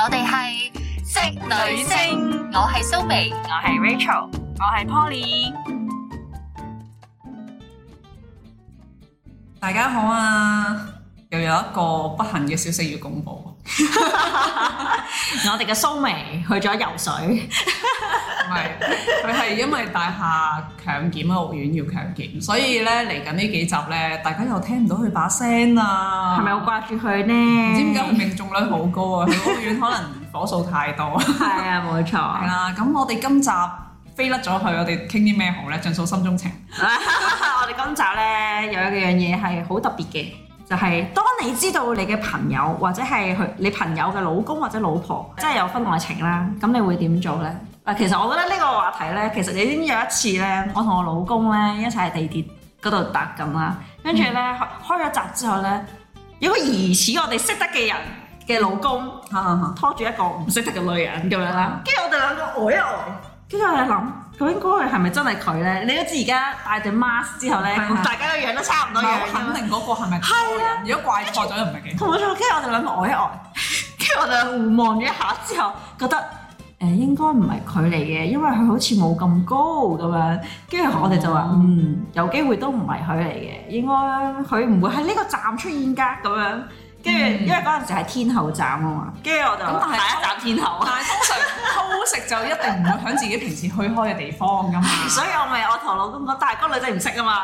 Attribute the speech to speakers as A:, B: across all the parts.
A: 我哋係職女聲，我係蘇眉，我係 Rachel，我係 Poly。大家好啊，又有一個不幸嘅消息要公布，我哋嘅蘇眉去咗游水。唔係，佢係因為大廈強檢啊，屋苑要強檢，所以咧嚟緊呢幾集咧，大家又聽唔到佢把聲啊，係咪好掛住佢呢？唔知點解佢命中率好高啊。佢屋苑可能火數太多。係 啊，冇錯。係啦、 啊，咁我哋今集飛甩咗佢，我哋傾啲咩好咧？盡訴心中情。 我哋今集咧有一樣嘢係好特別嘅，就係、是、當你知道你嘅朋友或者係佢你朋友嘅老公或者老婆，即係有婚外情啦，咁你會點做咧？其實我覺得呢、呢個話題咧，其實你先有一次咧，我同我老公咧一齊喺地鐵嗰度搭緊啦，跟住咧開開咗閘之後咧，有個疑似我哋識得嘅人嘅老公，嗯、拖住一個唔識得嘅女人咁樣啦，跟住我哋兩個呆一呆，跟住我哋諗，佢究竟係咪真係佢咧？你都知而家戴對 mask 之後咧，是大家都樣都差唔多是樣子肯定嗰個係咪佢？如果怪錯咗又唔係幾？同我做、呃呃，跟住我哋兩個呆一呆，跟住我哋互望咗一下之後覺得 后呃呃。誒應該唔係佢嚟嘅，因為佢好似冇咁高咁樣。跟住我哋就話，嗯，嗯，有機會都唔係佢嚟嘅，應該佢唔會喺呢個站出現㗎咁樣。跟住因為嗰陣時係天站、嗯、后站啊嘛，跟住我就但第一站天后。但係通常偷 食就一定唔會喺自己平時去開嘅地方咁 所以我咪我同老公講，但係個女仔唔識啊嘛，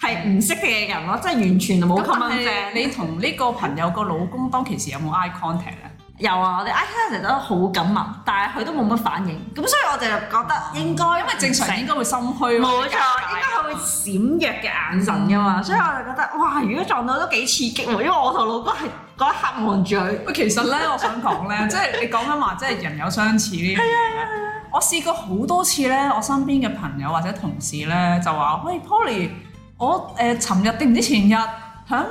A: 係唔識嘅人咯，是即係完全冇 connection。你同呢個朋友個老公當其時有冇 eye contact 啊？有啊，我哋 i k a r 成日都好緊密，但係佢都冇乜反應，咁所以我哋就覺得應該，因為正常人應該會心虛，冇錯，應該佢會閃約嘅眼神噶嘛，嗯、所以我就覺得哇，如果撞到都幾刺激喎，因為我同老公係嗰一刻望住佢。啊，其實咧，我想講咧， 即係你講緊話，即係人有相似呢？係啊係啊！啊！我試過好多次咧，我身邊嘅朋友或者同事咧就話：喂，Polly，我誒尋、呃、日定唔知前日響。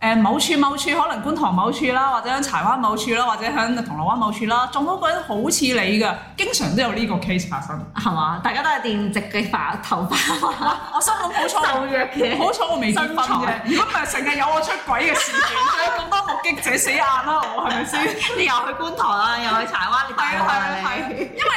A: 誒某處某處可能觀塘某處啦，或者喺柴灣某處啦，或者喺銅鑼灣某處啦，仲好鬼好似你嘅，經常都有呢個 case 發生，係嘛？ 大家都係電直嘅頭髮，啊、我心諗好彩冇嘅，好彩我未結婚嘅。如果唔係，成日有我出軌嘅事件，咁 多目擊者死壓啦 我係咪先？ 你又去觀塘啦，又去柴灣，係啊係啊係，因為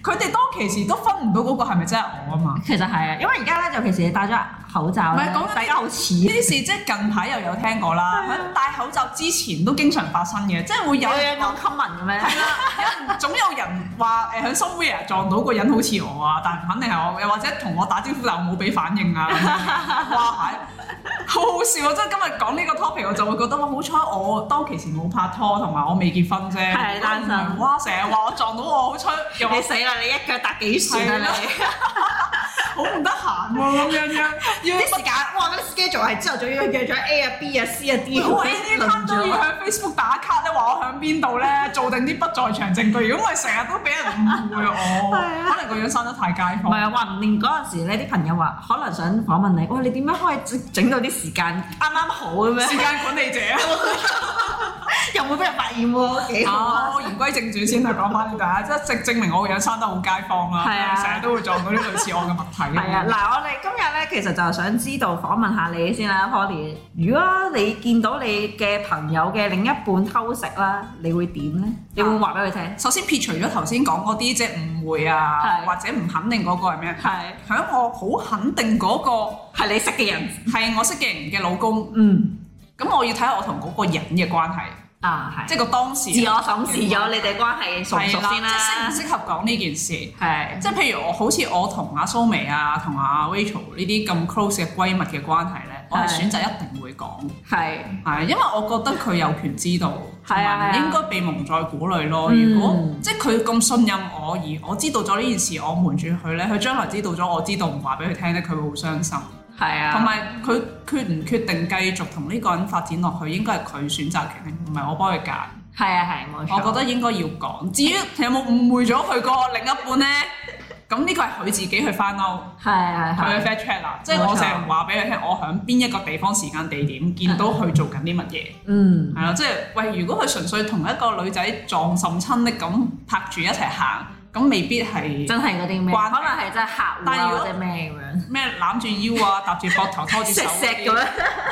A: 佢哋當其時都分唔到嗰個係咪真係我啊嘛。 其實係啊，因為而家咧，尤其是你戴咗口罩，咪講得比較似呢啲事。即係近排又有聽過。啦，是啊、戴口罩之前都經常發生嘅，即係會有人有 common 嘅咩？係啦，總有人話誒喺 somewhere 撞到個人好似我啊，但係肯定係我，又或者同我打招呼但係冇俾反應啊， 哇係，好好笑啊！即係今日講呢個 topic，我就會覺得我我哇，好彩我當其時冇拍拖同埋我未結婚啫，單身哇，成日話我撞到我好彩， 你死啦！你一腳踏幾船啊你？ 好唔得閒啊！要啲時間，不哇！啲 schedule 係朝頭早要約咗 A 啊喂、B 啊、C 啊、D，好 A、D，差唔多要喺 Facebook 打卡咧，話我喺邊度咧，做定啲不在場證據，咁咪成日都俾人誤會我。 可能個樣生得太街坊。唔係啊，話唔定嗰陣時咧啲朋友話，可能想訪問你，喂，你點樣可以整到啲時間啱啱好咁樣？時間管理者啊！ 又會俾人發現喎，好、啊、哦，言歸正傳先大家，講翻呢度啊，即係證明我樣生得好街坊啦，成日都會撞到呢類似我嘅物體。係 啊，嗱，我哋今日咧其實就係想知道訪問下你先啦 Cody，如果你見到你嘅朋友嘅另一半偷食啦，你會點咧？啊、你會話俾佢聽？首先撇除咗頭先講嗰啲即係誤會啊，啊或者唔肯定嗰個係咩？係響、啊啊啊啊啊啊、我好肯定嗰個係你識嘅人，係我識嘅人嘅老公。嗯。嗯。咁我要睇下我同嗰個人嘅關係啊，即係個當時自我審視咗你哋關係熟唔熟先啦，適唔適合講呢件事？係的即係譬如我，好似我同阿蘇眉啊，同阿 Rachel 呢啲咁 close 嘅閨蜜嘅關係咧，的我係選擇一定會講，係係的因為我覺得佢有權知道，係啊的，唔應該被蒙在鼓裏咯。的如果、嗯、即係佢咁信任我而我知道咗呢件事，我瞞住佢咧，佢將來知道咗我知道唔話俾佢聽咧，佢會好傷心。係啊，同埋佢決唔決定繼續同呢個人發展落去，應該係佢選擇決定，唔係我幫佢揀。係啊係，我覺得應該要講。至於有冇誤會咗佢個另一半咧？咁呢個係佢自己去翻嬲，係係佢嘅 fact check 啦。即係我成日話俾佢聽，我喺邊一個地方、時間、地點見到佢做緊啲乜嘢。嗯，係啊，即係喂，如果佢純粹同一個女仔撞甚親的咁拍住一齊行。咁未必係真係嗰啲咩，可能係真係客戶啊，但或者咩咁樣咩攬住腰啊，搭住膊頭拖住手咁樣，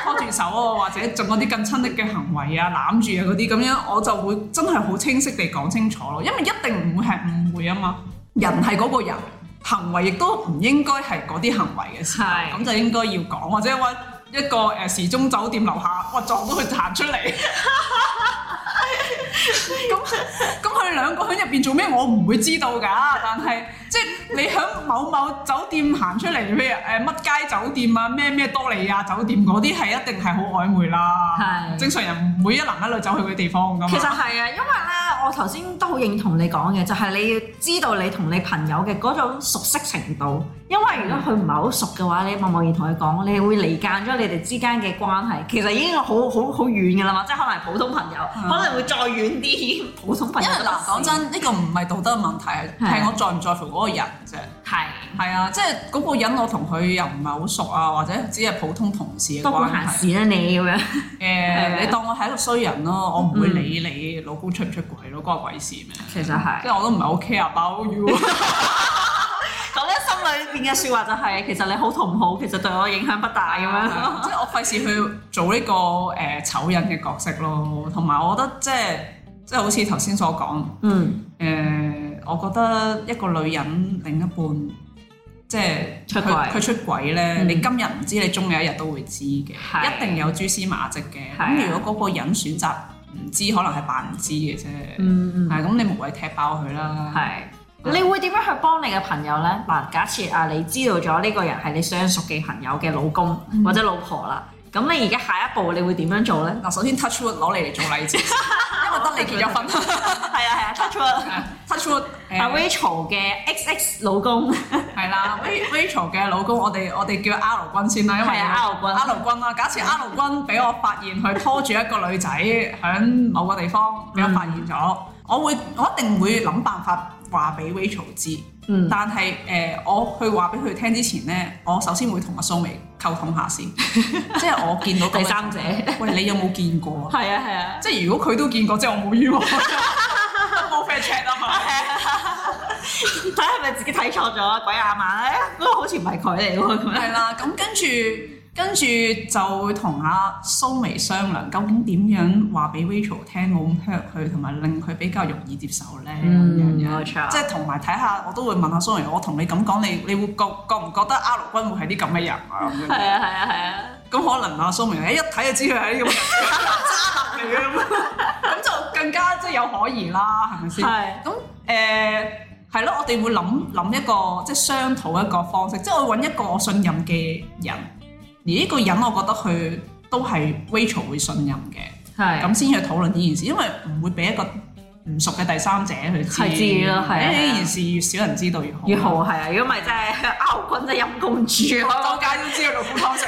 A: 拖住手，啊、 手啊，或者做嗰啲更親力嘅行為啊，攬住啊嗰啲咁樣，我就會真係好清晰地講清楚咯，因為一定唔會係誤會啊嘛，人係嗰個人，行為亦都唔應該係嗰啲行為嘅事。咁是的 就應該要講，或者話一個誒時鐘酒店樓下，我撞到佢彈出嚟。 咁咁，佢哋 兩個喺入邊做咩？我唔會知道㗎，但係。即係你喺某某酒店行出嚟，咩誒乜街酒店啊？咩咩多利亞酒店嗰啲係一定係好曖昧啦。係是正常人每一男一女走去嘅地方噶嘛。其實係啊，因為咧，我頭先都好認同你講嘅，就係、是、你要知道你同你朋友嘅嗰種熟悉程度。因為如果佢唔係好熟嘅話咧，貿貿然同佢講，你會離間咗你哋之間嘅關係。其實已經好好好遠嘅啦嘛，即係可能係普通朋友，的可能會再遠啲普通朋友。因為嗱，講真，呢個唔係道德嘅問題，係的我在唔在乎。嗰個人啫，係，係啊，即係嗰個人，我同佢又唔係好熟啊，或者只係普通同事嘅關係。多管閒事啦、啊、你咁樣，誒、呃，是的 你當我係一個衰人咯，我唔會理你、嗯、老公出唔出軌咯，關我鬼事咩？其實係，即係我都唔係好 care about you。講心裏邊嘅說話就係、是，其實你好同唔好，其實對我影響不大咁樣。的 即係我費事去做呢個誒醜人嘅角色咯，同埋我覺得即係即係好似頭先所講，嗯，誒。我覺得一個女人另一半即係佢佢出軌咧，你今日唔知，你終有一日都會知嘅，一定有蛛絲馬跡嘅。咁如果嗰個人選擇唔知，可能係扮唔知嘅啫。係咁，你無謂踢爆佢啦。係，你會點樣去幫你嘅朋友咧？嗱，假設啊，你知道咗呢個人係你相熟嘅朋友嘅老公或者老婆啦，咁你而家下一步你會點樣做咧？嗱，首先 touch wood 攞你嚟做例子，因為得你結咗婚。Touch wood yeah，Rachel 嘅 XX 老公係啦，Rachel 嘅老公，我哋我哋叫阿 R 君先啦，因為阿 R 君阿 R 君啦，假設阿 R 君俾我發現佢拖住一個女仔喺某個地方，俾我發現咗，嗯、我會我一定會諗辦法話俾 Rachel 知，嗯、但係誒，我去話俾佢聽之前咧，我首先會同阿蘇眉溝通下先，即 係我見到個女仔，第三者。喂，你有冇見過？係啊係啊，啊即係如果佢都見過，即係我冇冤枉。冇飛尺啊嘛！睇係咪自己睇錯咗啊？鬼阿嫲咧，都好似唔係佢嚟喎。係啦， 咁跟住跟住就會同阿蘇眉商量，究竟點樣話俾 Rachel 聽，冇嚇佢，同埋令佢比較容易接受咧咁樣嘢。即係同埋睇下，我都會問下蘇眉：我同你咁講，你你會覺覺唔覺得阿陸軍會係啲咁嘅人啊？係啊， 係啊，係啊！咁可能阿蘇眉一睇就知佢係啲咁渣男嚟嘅。有可疑啦，係咪先？係咁誒，係咯、呃，我哋會諗諗一個即係商討一個方式，即係我揾一個我信任嘅人，而呢個人我覺得佢都係 Rachel 會信任嘅，係咁先去討論呢件事，因為唔會俾一個唔熟嘅第三者去知咯，係。呢件事越少人知道越好，越好係啊！如果唔係真係拗撬就陰公豬。周街都知道老公偷食。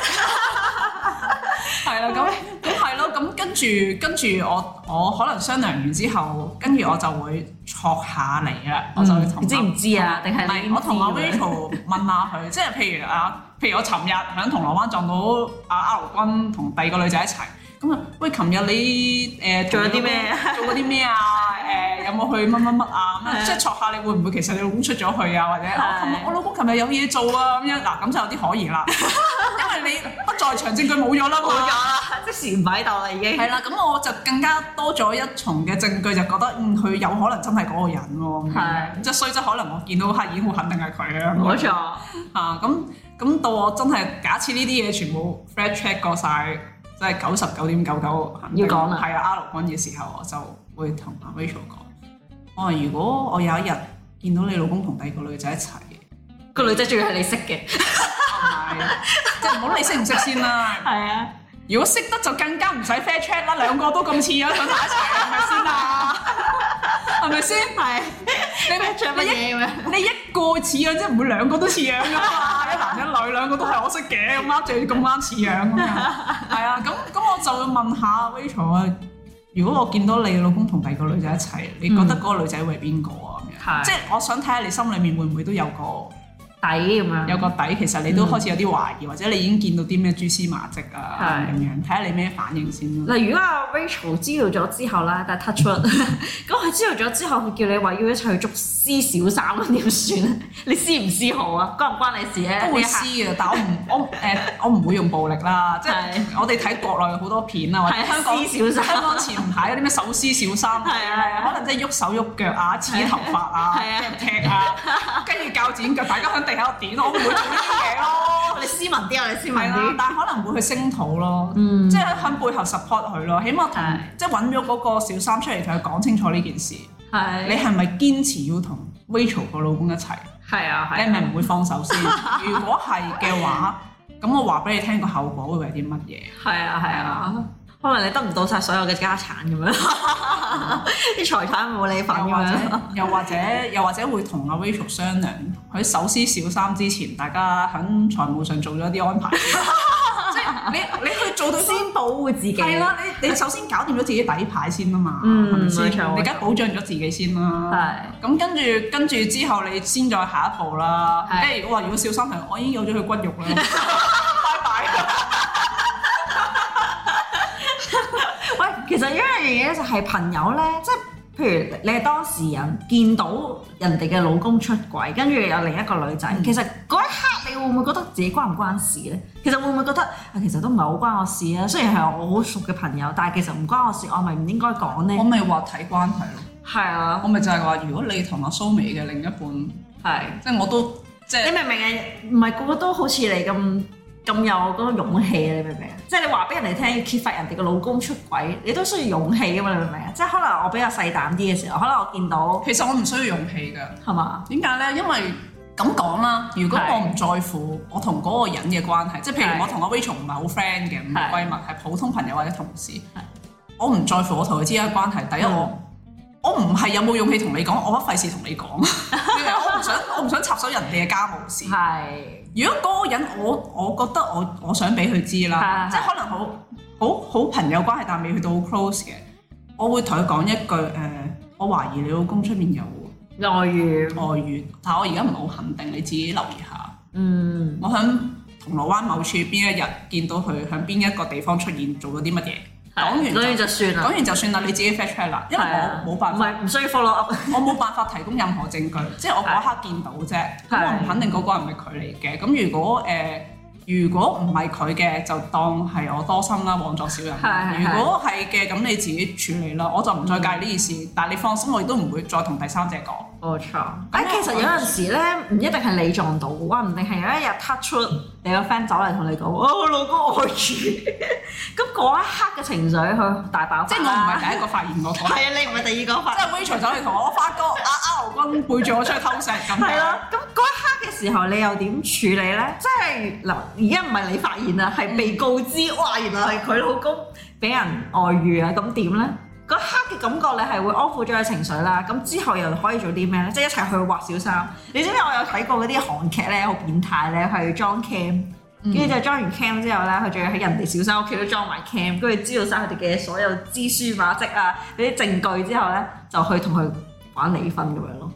A: 係啦咁。 咁跟住，跟住我，我可能商量完之後跟住我就會戳下嚟啦，嗯、我就會同你知唔知啊？定係係我同阿 Rachel 問下佢，即係譬如啊，譬如我尋日響銅鑼灣撞到阿阿劉君同第二個女仔一齊。咁啊，喂，琴日你誒做咗啲咩？呃、做過啲咩啊？誒、 欸，有冇去乜乜乜啊？咁即係 check 下你會唔會其實你老公出咗去啊？或者我 我老公琴日有嘢做啊？咁樣嗱，咁就有啲可疑啦，因為你不在場證據冇咗啦冇咗啦，即時唔喺度啦已經。係 啦，咁我就更加多咗一重嘅證據，就覺得嗯佢有可能真係嗰個人喎。係， 即係所以即係可能我見到黑影，我肯定係佢、嗯、錯 啊。冇錯啊，咁咁到我真係假設呢啲嘢全部 flash check 過晒。即係九十九點九九，99. 99, 要講說啦、啊對。係啊，阿六軍嘅時候，我就會同阿 Rachel 講：我話如果我有一日見到你老公同第二個女仔一齊，個女仔仲要係你識嘅， 即係唔好理識唔識先啦。係 是啊，如果識得就更加唔使 face check 啦，兩個都咁似樣就埋一齊啦，係咪先啊？係咪先？係你着乜嘢咁樣？你一、， 啊、你一個似樣即係唔會兩個都似樣噶嘛？ 一女兩個都係我識嘅，咁啱就要咁啱似樣咁樣，係啊， 咁咁我就要問下 Rachel 啊：如果我見到你老公同第二個女仔一齊，你覺得嗰個女仔會係邊個啊？咁樣、嗯，即係我想睇下你心裡面會唔會都有個。底，咁樣有個底，其實你都開始有啲懷疑，或者你已經見到啲咩蛛絲馬跡啊，咁樣睇下你咩反應先嗱。如果阿 Rachel 知道咗之後啦，但 touchwood，咁佢知道咗之後，佢叫你話要一齊去捉撕小三，點算？你撕唔撕好啊？關唔關你事啊？都會撕嘅，但我唔我誒我唔會用暴力啦。即係我哋睇國內好多片啊，或者香港小三，前排啲咩手撕小三，係啊，係啊，可能即係喐手喐腳啊，剪頭髮啊，咩踢啊，跟住教剪腳，大家你喺度點，我唔會做呢啲嘢咯。你斯文啲啊，你斯文啲。 但係可能會去聲討咯，嗯、即係向背後 support 佢咯。起碼的即係揾咗嗰個小三出嚟同佢講清楚呢件事。係的你係咪堅持要同 Rachel 個老公一齊？係啊，你係咪唔會放手先？如果係嘅話，咁 的我話俾你聽個後果會係啲乜嘢？係啊，係啊。嗯可能你得唔到晒所有嘅家產咁樣，啲 財產冇你份，又或者，又或者會同阿 Rachel 商量，喺手撕小三之前，大家喺財務上做咗一啲安排。即係 你，你去做到先保護自己。係啦，你你首先搞掂咗自己底牌先啊嘛，係咪先？吧錯你而家保障咗自己先啦。係是。咁跟住，跟住之後你先再下一步啦。即係話，如果小三係我已經有咗佢骨肉啦。 其實一樣嘢咧就係朋友咧，即係譬如你係當事人見到人哋嘅老公出軌，跟住有另一個女仔，其實嗰一刻你會唔會覺得自己關唔關事咧？其實會唔會覺得啊，其實都唔係好關我事啊。雖然係我好熟嘅朋友，但係其實唔關我事，我咪唔應該講呢？我咪話睇關係咯，係啊，我咪就係話，如果你同阿蘇美嘅另一半係，即係啊，我都即係，即係、你明唔明啊，唔係個個都好似你咁？咁有嗰種勇氣啊！你明唔明啊？即係你話俾人哋聽要揭發人哋個老公出軌，你都需要勇氣啊嘛？你明唔明啊？即係可能我比較細膽啲嘅時候，可能我見到其實我唔需要勇氣噶，係嘛吧？點解咧？因為咁講啦，如果是我唔在乎我同嗰個人嘅關係，即係是譬如我同阿 Rachel 唔係好 friend 嘅，唔係閨蜜，係是普通朋友或者同事，是我唔在乎我同佢之間嘅關係。第一我。是.我唔係有冇勇氣同你講，我唔費事同你講。 我唔想，我唔想插手人哋嘅家務事。係， 如果嗰個人，我我覺得我我想俾佢知啦， 即係可能好好好朋友關係，但未去到 close 嘅，我會同佢講一句誒、呃，我懷疑你老公出面有外遇，外遇院，但我而家唔係好肯定，你自己留意下。嗯，我喺銅鑼灣某處邊一日見到佢喺邊一個地方出現，做咗啲乜嘢？講完，講完就算啦，講完就算啦，嗯、你自己 fake c 發出嚟啦，因為我冇辦法，唔需要 follow up，我冇辦法提供任何證據， 即係我嗰刻見到啫，啊、我唔肯定嗰個人係唔係佢嚟嘅。咁、啊嗯、如果、呃如果唔係佢嘅，就當係我多心啦，妄作小人。如果係嘅，咁你自己處理啦，我就唔再介意呢件事。但係、嗯、你放心，我亦都唔會再同第三者講。冇錯。但其實有陣時咧，唔、mm. 一定係你撞到嘅喎，唔定係有一日 t 出你個 friend 走嚟同你講，哦，老公，我愛你。咁 嗰、啊、一刻嘅情緒，佢大爆發即係我唔係 第一個發現我，個。係啊， 你唔係第二個發。即係 Rachel 走嚟同我，我發覺阿阿牛君背住我出去偷食。咁係咯。咁嗰一刻嘅時候，你又點處理咧？即係嗱。而家唔係你發現啊，係被告知，哇！原來係佢老公俾人外遇啊，咁點咧？嗰刻嘅感覺你係會安撫咗佢情緒啦，咁之後又可以做啲咩咧？即係一齊去挖小三。你知唔知我有睇過嗰啲韓劇咧，好變態咧，係裝 cam，跟住就裝完 cam 之後咧，佢仲要喺人哋小三屋企都裝埋 cam，跟住知道晒佢哋嘅所有蛛絲馬跡啊，嗰啲證據之後咧，就去同佢玩離婚咁樣咯。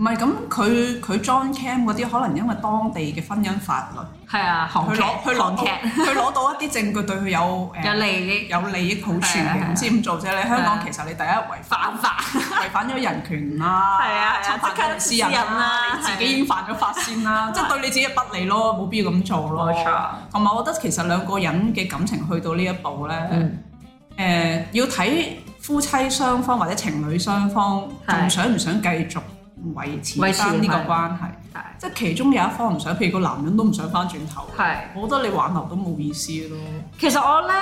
A: 唔係咁，佢佢 john cam 嗰啲，可能因為當地嘅婚姻法律係啊，去攞去攞到去攞到一啲證據對佢有有利益有利益好處唔知點做啫？你香港其實你第一違犯法，違反咗人權啦，即係即刻私隱啦，自己已經犯咗法先啦，即係對你自己不利咯，冇必要咁做咯。冇錯，同埋我覺得其實兩個人嘅感情去到呢一步咧，誒要睇夫妻雙方或者情侶雙方仲想唔想繼續。維持呢個關係，即係、嗯、其中有一方唔想，譬如個男人都唔想翻轉頭。係是，我覺得你挽留都冇意思咯、就是。其實我咧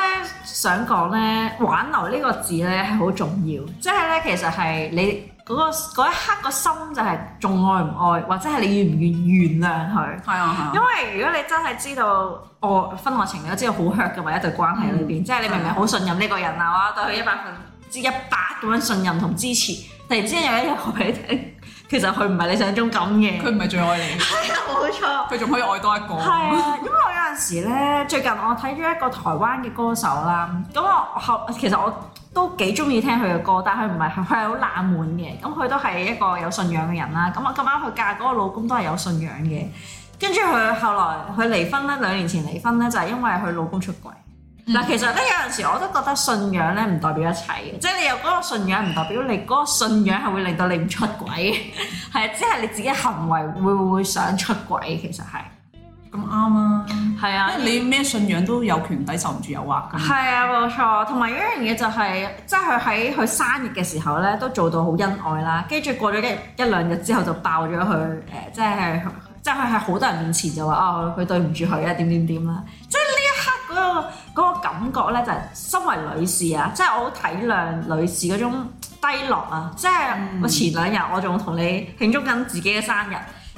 A: 想講咧，挽留呢個字咧係好重要，即係咧其實係你嗰個一刻個心就係仲愛唔愛，或者係你願唔願意原諒佢。係啊，啊因為如果你真係知道婚外情，你都知道好 hurt 嘅，喎一對關係裏邊，嗯、即係你明明好信任呢個人啊，的我對佢一百分之一百咁樣信任同支持，突然之間有一日佢。其實佢唔係你想中咁嘅，佢唔係最愛你，係啊冇錯，佢仲可以愛多一個，係 啊，因為我有陣時咧，最近我睇咗一個台灣嘅歌手啦，咁我後其實我都幾中意聽佢嘅歌，但係佢唔係佢係好冷門嘅，咁佢都係一個有信仰嘅人啦，咁我咁啱佢嫁嗰個老公都係有信仰嘅，跟住佢後來佢離婚咧，兩年前離婚咧就係因為佢老公出軌。嗱，其實咧有陣時我都覺得信仰咧唔代表一切嘅，即係你有嗰個信仰唔代表你嗰個信仰係會令到你唔出軌，係 啊，只係你自己行為會唔會想出軌？其實係咁啱啊。係啊，你咩信仰都有權抵受唔住誘惑㗎。係啊，冇錯。同埋一樣嘢就係，即係佢喺佢生日嘅時候咧，都做到好恩愛啦。跟住過咗一,一兩日之後就爆咗佢誒，即係即係佢喺好多人面前就話哦，佢對唔住佢啊，點點點啦。嗰、嗰個嗰個感覺呢，就係、是、身為女士啊，即係我好體諒女士嗰種低落啊，即係、嗯、我前兩日我仲同你慶祝緊自己嘅生日。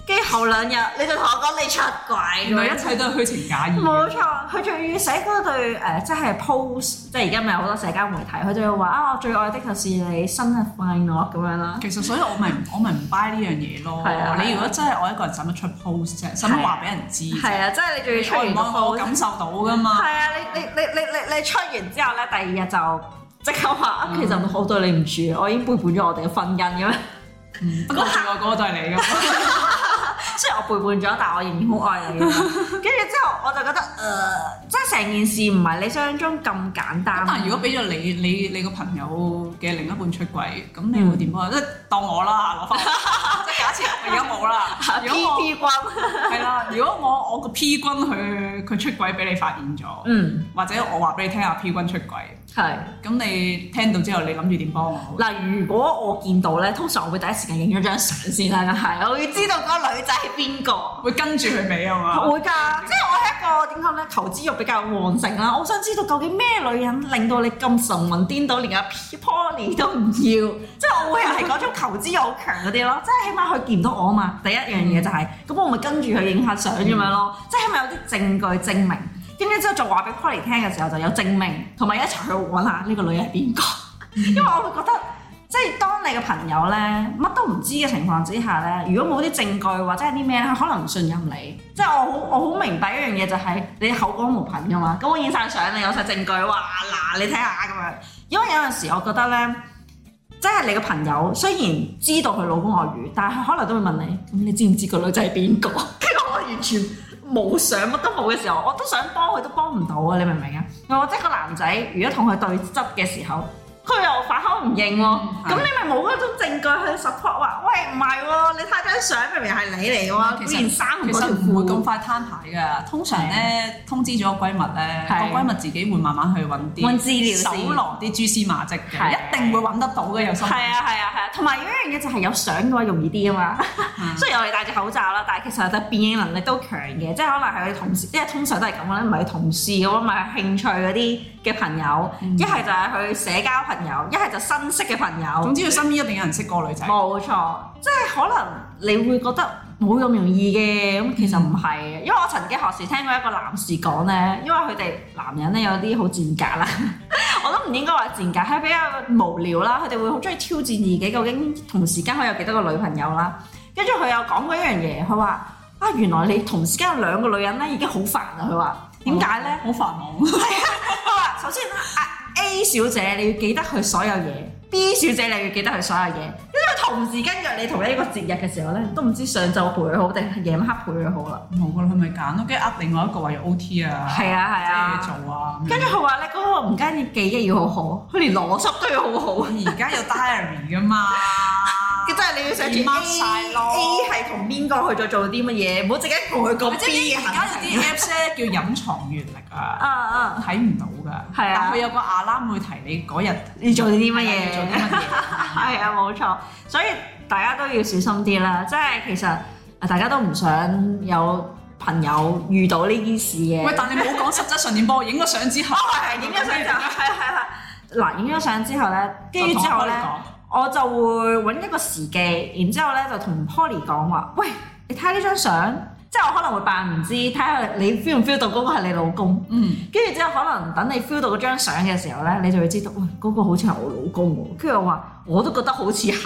A: 跟住後兩日，你就同我講你出軌，唔係一切都係虛情假意。冇錯，佢仲要寫嗰對即係 post，即係而家咪有好多社交媒體，佢就要話啊，我最愛的就是你，生日快樂咁樣啦。其實所以，我咪我咪唔 buy 呢樣嘢咯。你如果真係愛一個人使乜出 post 啫，使乜話俾人知啫。係啊，即係你仲要出完個 post 感受到㗎嘛？係啊，你你你你你你出完之後咧，第二日就即刻話，其實好對你唔住，我已經背叛咗我哋嘅婚姻咁樣。不過最惡嗰個就係你㗎。即係我背叛咗，但我仍然好愛你。跟住之後，我就覺得，呃，即係成件事唔係你想象中咁簡單。但如果俾咗你、你、你個朋友嘅另一半出軌，咁、嗯、你會點啊？即係當我啦，即係 假設我而家冇啦。P 君係啦，如果我 如果我個 P 君佢佢出軌俾你發現咗，嗯，或者我話俾你聽下 P 君出軌。係，咁是你聽到之後，你諗住點幫我？嗱，如果我見到咧，通常我會第一時間影咗張相先啦。係，我要知道嗰個女仔係邊個，會跟住佢尾？啊嘛。會㗎，即係我係一個點講咧，求知欲比較旺盛啦。我想知道究竟咩女人令到你咁神魂顛倒，連阿 Pony 都唔要。即係我會係嗰種求知欲好強嗰啲咯。即係 起碼佢見唔到我啊嘛。第一樣嘢就係、是，咁、嗯、我咪跟住佢影下相咁樣咯。嗯、即係起碼有啲證據證明。咁咧之後，就話俾 Kylie 聽嘅時候，就有證明同埋一齊去揾下呢個女人係邊個， 因為我會覺得，即係當你嘅朋友咧，乜都唔知嘅情況之下咧，如果冇啲證據或者係啲咩，可能唔信任你。即係我好，我好明白一樣嘢，就係你口講無憑嘅嘛。咁我影晒相，你有晒證據，哇嗱，你睇下咁樣。因為有陣時，我覺得咧，即係你嘅朋友雖然知道佢老公外遇，但係佢可能都會問你，咁你知唔知個女仔係邊個？呢 個我完全。冇想乜都冇嘅時候，我都想幫佢都幫唔到啊！你明唔明啊？我即係個男仔，如果同佢對質嘅時候。佢又反口唔認咯，咁你咪冇嗰種證據去 support 話，喂，唔係喎，你睇張相明明係你嚟喎，居然生唔到條褲。其實唔會咁快攤牌嘅，通常咧，通知咗個閨蜜咧，個閨蜜自己會慢慢去揾啲揾資料先，搜羅啲蛛絲馬跡嘅，一定會揾得到嘅。有心。係啊係啊係啊，同埋一樣嘢就係有相嘅話容易啲啊嘛。雖然我哋戴住口罩啦，但係其實嘅辨認能力都強嘅，即係可能係佢同事，即係通常都係咁樣啦，唔係同事，我咪興趣嗰啲。嘅朋友，一係就係去社交朋友，一係就新識嘅朋友。總之佢身邊一定有人識過、嗯、女仔孩。冇錯，即係可能你會覺得冇咁容易嘅，咁其實唔係，因為我曾經學時聽過一個男士講呢：「因為佢哋男人呢，有啲好賤格啦，我都唔應該話賤格，係比較無聊啦。佢哋會好中意挑戰自己，究竟同時間可以有幾多個女朋友啦。跟住佢又講過一樣嘢，佢話啊原來你同時間有兩個女人呢，已經好煩啦。佢話點解呢？好煩惱。首先，A 小姐你要記得佢所有嘢，B 小姐你要記得佢所有嘢，跟住同時跟住你同一個節日嘅時候咧，都唔知上晝陪佢好定夜晚黑陪佢好啦。好噶啦，佢咪揀咯，跟住呃另外一個話要 OT 啊，啊，咩嘢、啊、做啊？嗯、跟住佢話咧，嗰個唔單止記憶要好好，佢連邏輯都要好好。而家 有 diary 噶嘛？ 你要想住 A A 係同邊個去再做啲乜嘢，唔好直己改個 B 嘅行。而家啲 Apps 咧叫隱藏原力啊，睇唔到噶。係啊，但係有個 alarm 會提你嗰日你做啲乜嘢，做啲乜嘢。係啊，冇錯。所以大家都要小心啲啦。即係其實大家都唔想有朋友遇到呢件事嘅。喂，但係你冇講實質上點播，影咗相之後，係係影咗相就係係嗱，影咗相之後咧，跟住之後咧。我就會揾一個時機，然之後咧就同 Polly 講話，喂，你睇下呢張相，即係我可能會扮唔知，睇下你 feel 唔 feel 到嗰個係你老公？嗯，跟住之後可能等你 feel 到嗰張相嘅時候咧，你就會知道，喂，嗰、嗰個好似係我老公喎。跟住我話我都覺得好似係，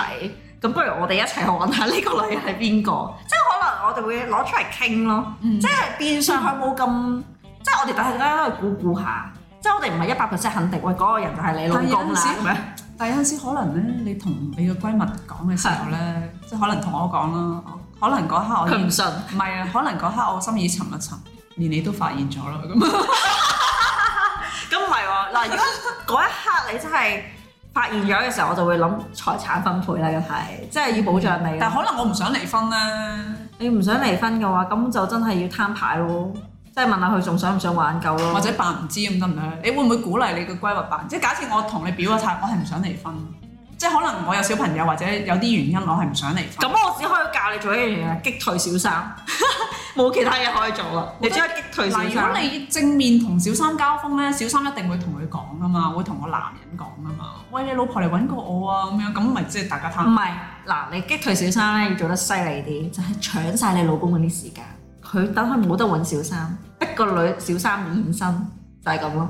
A: 咁不如我哋一齊去揾下呢個女人係邊個？即係可能我哋會攞出嚟傾咯，嗯、即係變相佢冇咁，嗯、即係我哋大家都係估估下，即係我哋唔係一百 percent 肯定，喂，嗰、嗰個人就係你老公啦。嗯嗯嗯嗯嗯嗯嗯但有陣時可能咧，你同你嘅閨蜜講嘅時候咧，即係可能同我講啦。可能嗰刻的我佢唔信。唔係啊，可能嗰刻，刻我心意沉一沉，連你都發現咗啦。咁咁唔係喎，嗱如果嗰一刻你真係發現咗嘅時候， 我就會諗財產分配啦嘅係，即係要保障你。但可能我唔想離婚啦。你唔想離婚嘅話，咁對就真係要攤牌咯。即係問下佢仲想唔想玩夠咯，或者扮唔知咁得唔得？你會唔會鼓勵你嘅規劃扮？即係假設我同你表個態，我係唔想離婚，即係可能我有小朋友或者有啲原因，我係唔想離婚。咁、嗯、我只可以教你做一樣嘢，擊退小三，冇 其他嘢可以做啦。的你只可以擊退小三。如果你正面同小三交鋒咧，小三一定會同佢講噶嘛，會同個男人講噶嘛。喂，你老婆嚟揾過我啊咁樣，咁咪即係大家攤。唔係嗱，你擊退小三咧，要做得犀利啲，就係、是、搶晒你老公嗰啲時間。佢等下冇得揾小三，逼個女小三唔現身就係咁咯。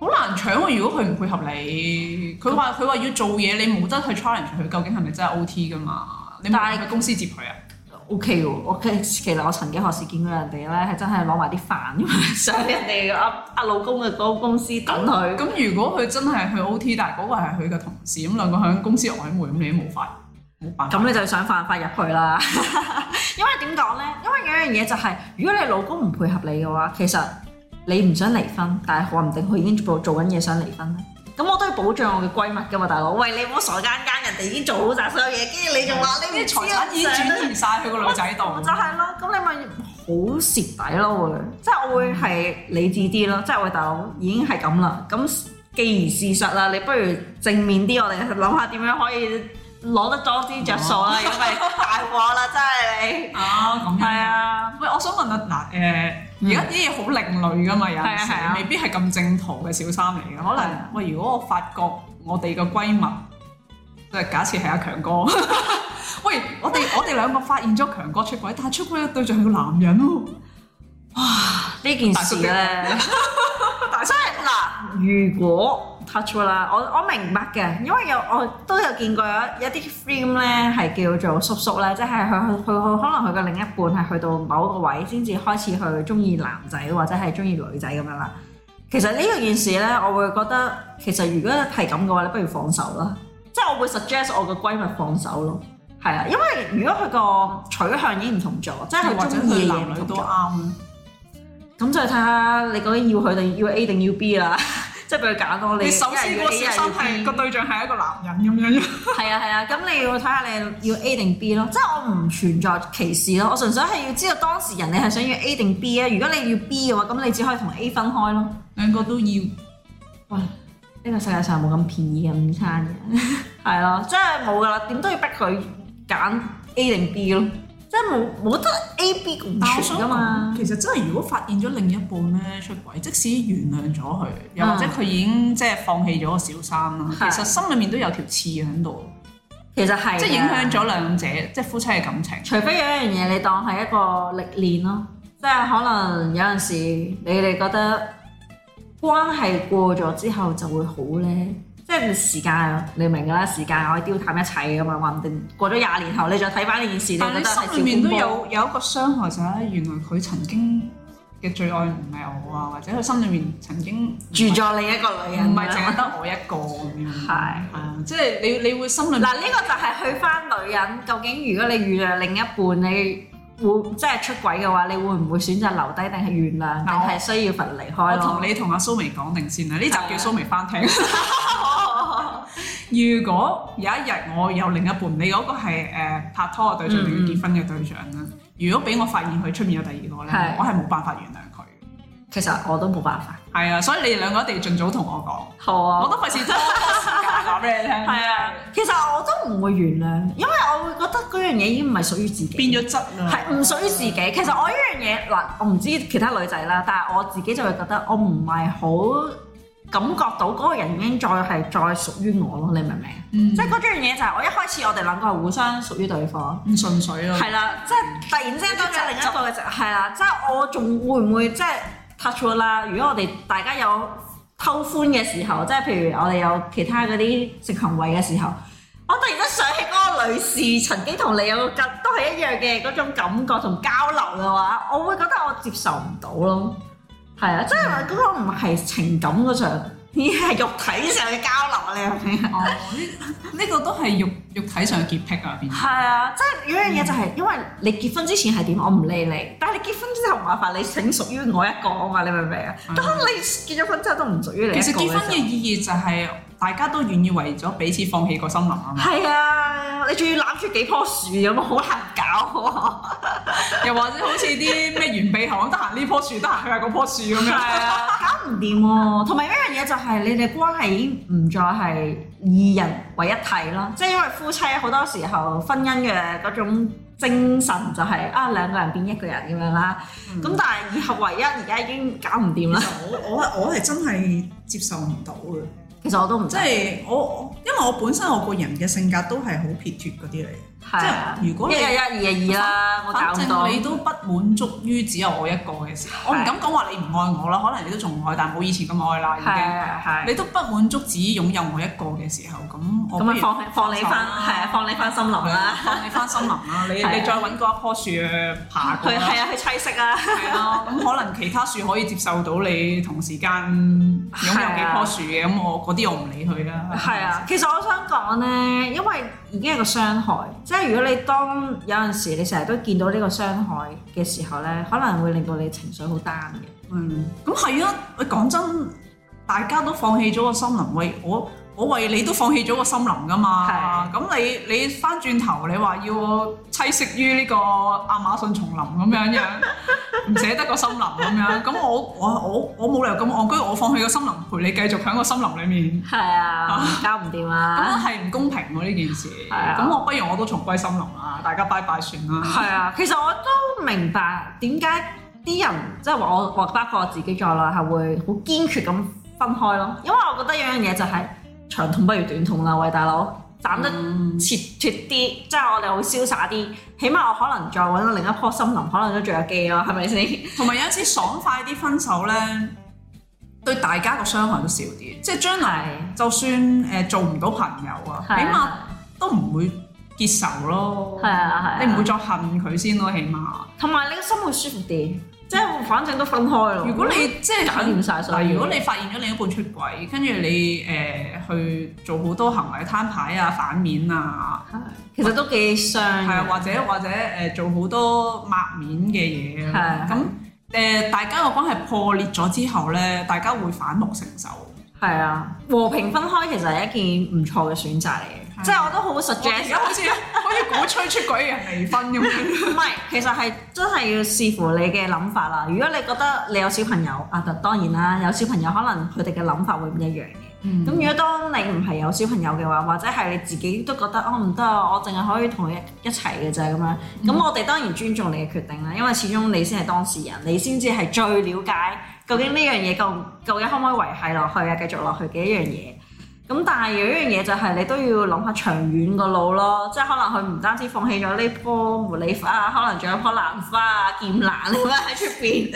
A: 好難搶喎，啊！如果佢唔配合你，佢話佢話要做嘢，你冇得去 challenge 佢究竟係咪真係 OT 噶嘛？你帶個公司接佢啊？OK o、okay, k 其實我曾經學時見過人哋咧，係真係攞埋啲飯想人哋阿阿老公嘅個公司等佢。咁、嗯、如果佢真係去 OT，但係嗰個係佢嘅同事，咁兩個喺公司曖昧咁你都冇法。咁你就想犯法入去啦， 因為點講咧？因為有一樣嘢就係、是，如果你老公唔配合你嘅話，其實你唔想離婚，但係話唔定佢已經做做緊嘢想離婚咧。咁我都要保障我嘅閨蜜嘅嘛，大佬，喂，你唔好傻更更，人哋已經做好晒所有嘢，跟住你仲話呢啲財產已轉移晒去個女仔度，就係咯。咁你咪好蝕底咯，會即係我會係理智啲咯，即係、嗯、我大佬已經係咁啦。咁既然事實啦，你不如正面啲，我哋諗下點樣可以。攞得多啲着數啦，因為大鑊啦，真係你。啊、 哦，咁樣。係啊，喂，我想問下，嗱、呃，誒，而家啲嘢好另類噶嘛？有陣時未必係咁正途嘅小三嚟嘅。可能喂，如果我發覺我哋嘅閨蜜，即係假設係阿強哥， 喂，我哋我哋兩個發現咗強哥出軌，但係出軌嘅對象係個男人喎。哇！呢件 事咧，大聲嗱， 如果。touch 啦，我我明白嘅，因為有我都有見過有一啲 frame 咧係叫做叔叔咧，即係佢佢佢佢可能佢嘅另一半係去到某一個位先至開始去中意男仔或者係中意女仔咁樣啦。其實呢一件事咧，我會覺得其實如果係咁嘅話，你不如放手啦。即係我會 suggest 我嘅閨蜜放手咯，係啊，因為如果佢個取向已經唔同咗，即係中意男女都啱。咁對就係睇下你究竟要佢定要 A 定要，要 B 啦。即係俾佢揀多你，首先個小三係個對象係一個男人咁樣。係啊係啊，咁要 A 你要睇下你要 A 定 B 咯。即係我唔存在歧視咯，我純粹係要知道當事人你係想要 A 定 B 啊。如果你要 B 嘅話，咁你只可以同 A 分開咯。兩個都要，哇！呢個世界上冇咁便宜嘅午餐嘅，係 咯， 真係冇噶啦，點都要逼佢揀 A 定 B 咯。即係冇冇得 A、B 共存噶嘛？其實真係，如果發現咗另一半咧出軌，即使原諒咗佢，又或者佢已經、嗯、即係放棄咗個小三啦，嗯、其實心裡面都有條刺喺度。其實係即係影響咗兩者，即係夫妻嘅感情。除非有一樣嘢，你當係一個歷練咯。即係可能有陣時，你哋覺得關係過咗之後就會好咧。即係時間，你明噶啦，時間可以丟淡一切噶嘛，話唔定過咗廿年後，你再睇翻呢件事，但你覺得係趙心裏面都有有一個傷害就係，原來佢曾經嘅最愛唔係我啊，或者佢心裏面曾經住咗你一個女人，唔係淨係得我一個係，即係你你會心裏面。嗱，呢個就係去翻女人究竟，如果你遇到另一半，你會即係出軌嘅話，你會唔會選擇留低，定係原諒，定係需要分離開？同你同阿蘇眉講定先啦，呢集叫蘇眉翻聽。 如果有一日我有另一半，你嗰個係、呃、拍拖嘅對象定、嗯、結婚嘅對象咧？如果俾我發現佢出面有第二個咧，是的 我係冇辦法原諒佢。其實我都冇辦法。係啊，所以你哋兩個一定要盡早同我講。好啊，我都費事講俾你聽。係啊，其實我都唔會原諒，因為我會覺得嗰樣嘢已經唔係屬於自己，變咗質啦。係唔屬於自己。其實我呢樣嘢嗱，我唔知其他女仔啦，但係我自己就會覺得我唔係好。感覺到嗰個人已經再係再屬於我咯，你明唔明？嗯、即係嗰種嘢就係我一開始我哋兩個係互相屬於對方，嗯、純粹咯，係啦，即、就、係、是、突然之間多咗另一個嘅，係啦的，即係我仲會唔會即係 touch 啦？It, 如果我哋大家有偷歡嘅時候，即係譬如我哋有其他嗰啲性行為嘅時候，我突然間想起嗰個女士曾經同你有個都係一樣嘅嗰種感覺同交流嘅話，我會覺得我接受唔到咯。係啊，嗯、即係嗰個唔係情感嗰上，嗯、而係肉體上嘅交流啊！你明唔明啊？呢 個都係肉肉體上嘅潔癖啊！邊？係啊，即係有一樣嘢就係、是，嗯、因為你結婚之前係點，我唔理你。但係你結婚之後麻煩你，你淨屬於我一個啊嘛！你明唔明啊？咁、嗯、你結咗婚之後都唔屬於你一個。其實結婚嘅意義就係、是。大家都願意為咗彼此放棄個森林啊！係啊，你仲要攬住幾棵樹咁，好難搞、啊 又好。又或者好似啲咩原鼻行得閒呢棵樹，得閒去下嗰棵樹咁樣、啊。搞唔掂喎，同埋一樣嘢就係你哋關係已經唔再係二人為一體咯。即係因為夫妻好多時候婚姻嘅嗰種精神就係、是、啊兩個人變一個人咁樣啦。咁、嗯、但係以合為一而家已經搞唔掂啦。我我我係真係接受唔到嘅。其實我都唔，即係我，因為我本身我個人嘅性格都係好撇脱嗰啲嚟。即係，如果你啊一，二二啦，反正你都不滿足於只有我一個嘅時候，我唔敢講話你唔愛我啦，可能你都仲愛，但冇以前咁愛啦，已經。係你都不滿足只擁有我一個嘅時候，咁我咁咪放放你返，係啊，放你返森林啦，放你返森林啦，你你再搵嗰一棵樹爬過去。係啊，去棲息啊。係咯，咁可能其他樹可以接受到你同時間擁有幾棵樹嘅，咁我嗰啲我唔理佢啦。係啊，其實我想講咧，因為。已經係個傷害，即係如果你當有陣時，你成日都見到呢個傷害嘅時候咧，可能會令到你情緒好 down 嘅。嗯，咁係啊，講真，大家都放棄咗個心靈喂我。我為你都放棄咗個森林噶嘛，咁、啊、你你翻轉頭你話要棲息於呢個亞馬遜叢林咁樣樣，唔 捨得個森林咁樣，咁我我我我冇理由咁戇居，我放棄個森林陪你繼續喺個森林裏面，係啊，搞唔掂啊，係唔公平喎呢件事，咁、啊、我不如我都重歸森林啊。大家拜拜算啦，係啊，其實我都明白點解啲人即係話我或包括我自己在，自己在內係會好堅決咁分開咯，因為我覺得有樣嘢就係、是。長痛不如短痛啦，喂，大佬，斬得、嗯、切脫啲，即係我哋好瀟灑啲，起碼我可能再揾到另一棵森林，可能都仲有機啊，係咪先？同 埋有，有一次爽快啲分手咧，對大家個傷害都少啲，即係將來是就算誒、呃、做唔到朋友啊，起碼都唔會結仇咯，係啊，啊你唔會再恨佢先咯，起碼，同埋你個心會舒服啲。即係反正都分開咯。如果你即係發現曬，但係如果你發現咗另一半出軌，跟住你誒、呃、去做好多行為攤牌啊、反面啊，其實都幾傷。係啊，或者或者誒做好多抹面嘅嘢。係、嗯。咁誒、呃，大家個關係破裂咗之後咧，大家會反目成仇。係啊，和平分開其實係一件唔錯嘅選擇嚟嘅，啊、即係我都、啊、好實踐。可以鼓吹出軌人離婚嘅唔係，其實係真係要視乎你嘅諗法啦。如果你覺得你有小朋友，啊，就當然啦。有小朋友可能佢哋嘅諗法會唔一樣嘅。咁、嗯、如果當你唔係有小朋友嘅話，或者係你自己都覺得哦唔得啊，我淨係可以同佢一齊嘅就係咁樣。咁我哋當然尊重你嘅決定啦，因為始終你先係當事人，你先至係最了解究竟呢樣嘢，究竟可唔可以維係落去啊，繼續落去嘅一樣嘢。咁但係有一樣嘢就係你都要諗下長遠個路咯，即係可能佢唔單止放棄咗呢棵茉莉花啊，可能仲有棵蘭花啊、劍蘭咁樣喺出邊。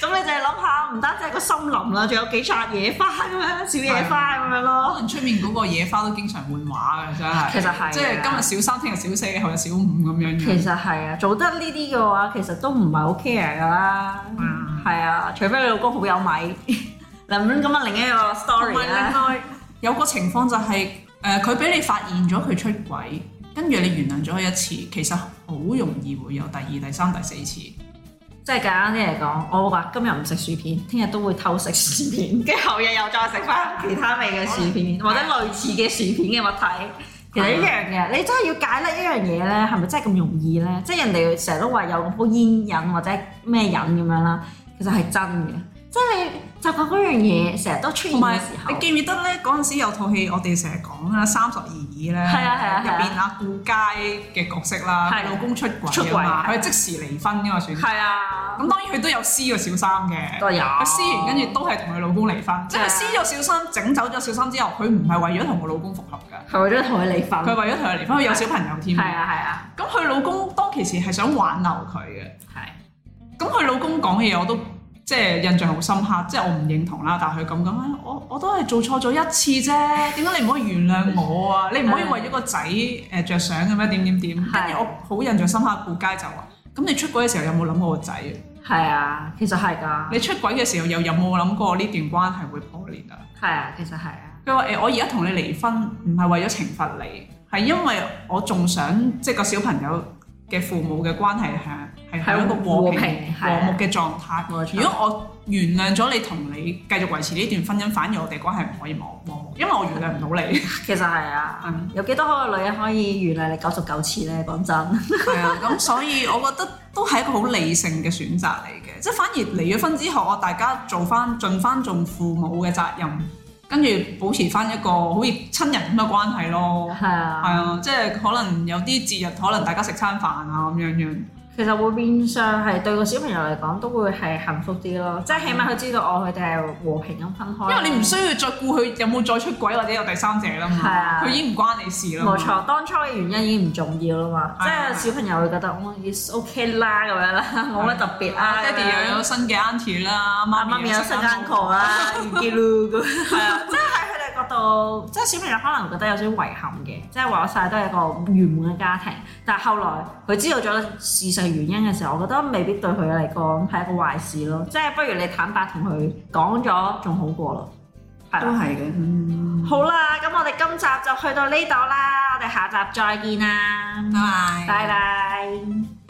A: 咁 你就係諗下，唔單止個森林啦，仲有幾束野花咁樣，小野花咁樣咯。可能出面嗰個野花都經常換畫嘅，真係。其實係。即係今日小三，聽日小四，後日小五咁樣。其實係啊，做得呢啲嘅話，其實都唔係好 care 㗎啦。係啊， 除非你老公好有米。嗱咁，今日另一個 story 啦、 啊。有個情況就係、是，誒佢俾你發現咗佢出軌，跟住你原諒咗佢一次，其實好容易會有第二、第三、第四次。即係簡單啲嚟講，我話今日唔食薯片，聽日都會偷食薯片，跟後日又再食返其他味嘅薯片， 或者類似嘅薯片嘅物體，其實一樣嘅。 你真係要戒甩一樣嘢咧，係咪真係咁容易咧？即係人哋成日都話有嗰波煙癮或者咩癮咁樣啦，其實係真嘅。即係你習慣嗰樣嘢，成日都出現時候。你記唔記得咧？嗰陣時有套戲，我哋成日講啦，《三十而已》咧，入邊阿顧佳嘅角色啦，老公出軌，佢即時離婚因為算。係啊，咁當然佢都有私個小三嘅，都有。佢私完跟住都係同佢老公離婚，即係私咗小三，整走咗小三之後，佢唔係為咗同佢老公復合㗎，係為咗同佢離婚。佢為咗同佢離婚，佢有小朋友添。係啊係啊，咁佢老公當其時係想挽留佢嘅，係。咁佢老公講嘢我都。即係印象好深刻，即係我唔認同啦，但係佢咁講咧，我我都係做錯咗一次啫，點解你唔可以原諒我啊？你唔可以為咗個仔誒、 呃、著想嘅咩？點點點？跟住、啊、我好印象深刻，顧佳就話：咁你出軌嘅時候有冇諗過個仔啊？係啊，其實係㗎。你出軌嘅時候又有冇諗過呢段關係會破裂啊？係啊，其實係啊。佢話：誒、呃，我而家同你離婚唔係為咗懲罰你，係因為我仲想即係個小朋友。嘅父母嘅關係係係喺一個和平和睦嘅的狀態。錯如果我原諒咗你，同你繼續維持呢段婚姻，反而我哋關係唔可以睦和睦。的因為我原諒唔到你。其實係啊， 嗯、有幾多個女人可以原諒你九十九次呢？講真。係 啊，咁所以我覺得都係一個好理性嘅選擇嚟嘅，即係反而離咗婚之後，我大家做翻盡翻做父母嘅責任。跟住保持翻一個好似親人咁嘅關係咯，係啊，係啊，即係可能有啲節日，可能大家食餐飯啊咁樣樣。其實會變相係對個小朋友嚟講都會係幸福啲咯，即係起碼佢知道我佢哋係和平咁分開。因為你唔需要再顧佢有冇再出軌或者有第三者啦嘛，佢已經唔關你事啦。冇錯，當初嘅原因已經唔重要啦嘛，即係小朋友會覺得我 yes ok 啦咁樣啦，冇乜特別啊。爹哋又有新嘅 auntie 啦，媽媽咪有新嘅 uncle 啊，唔見路咁。係到即係小朋友可能覺得有少少遺憾嘅，即係話晒都係一個圓滿嘅家庭。但係後來佢知道咗事實原因嘅時候，我覺得未必對佢嚟講係一個壞事咯。即係不如你坦白同佢講咗，仲好過咯。係，都係嘅。嗯、好啦，咁我哋今集就去到呢度啦。我哋下集再見啦。拜拜拜拜。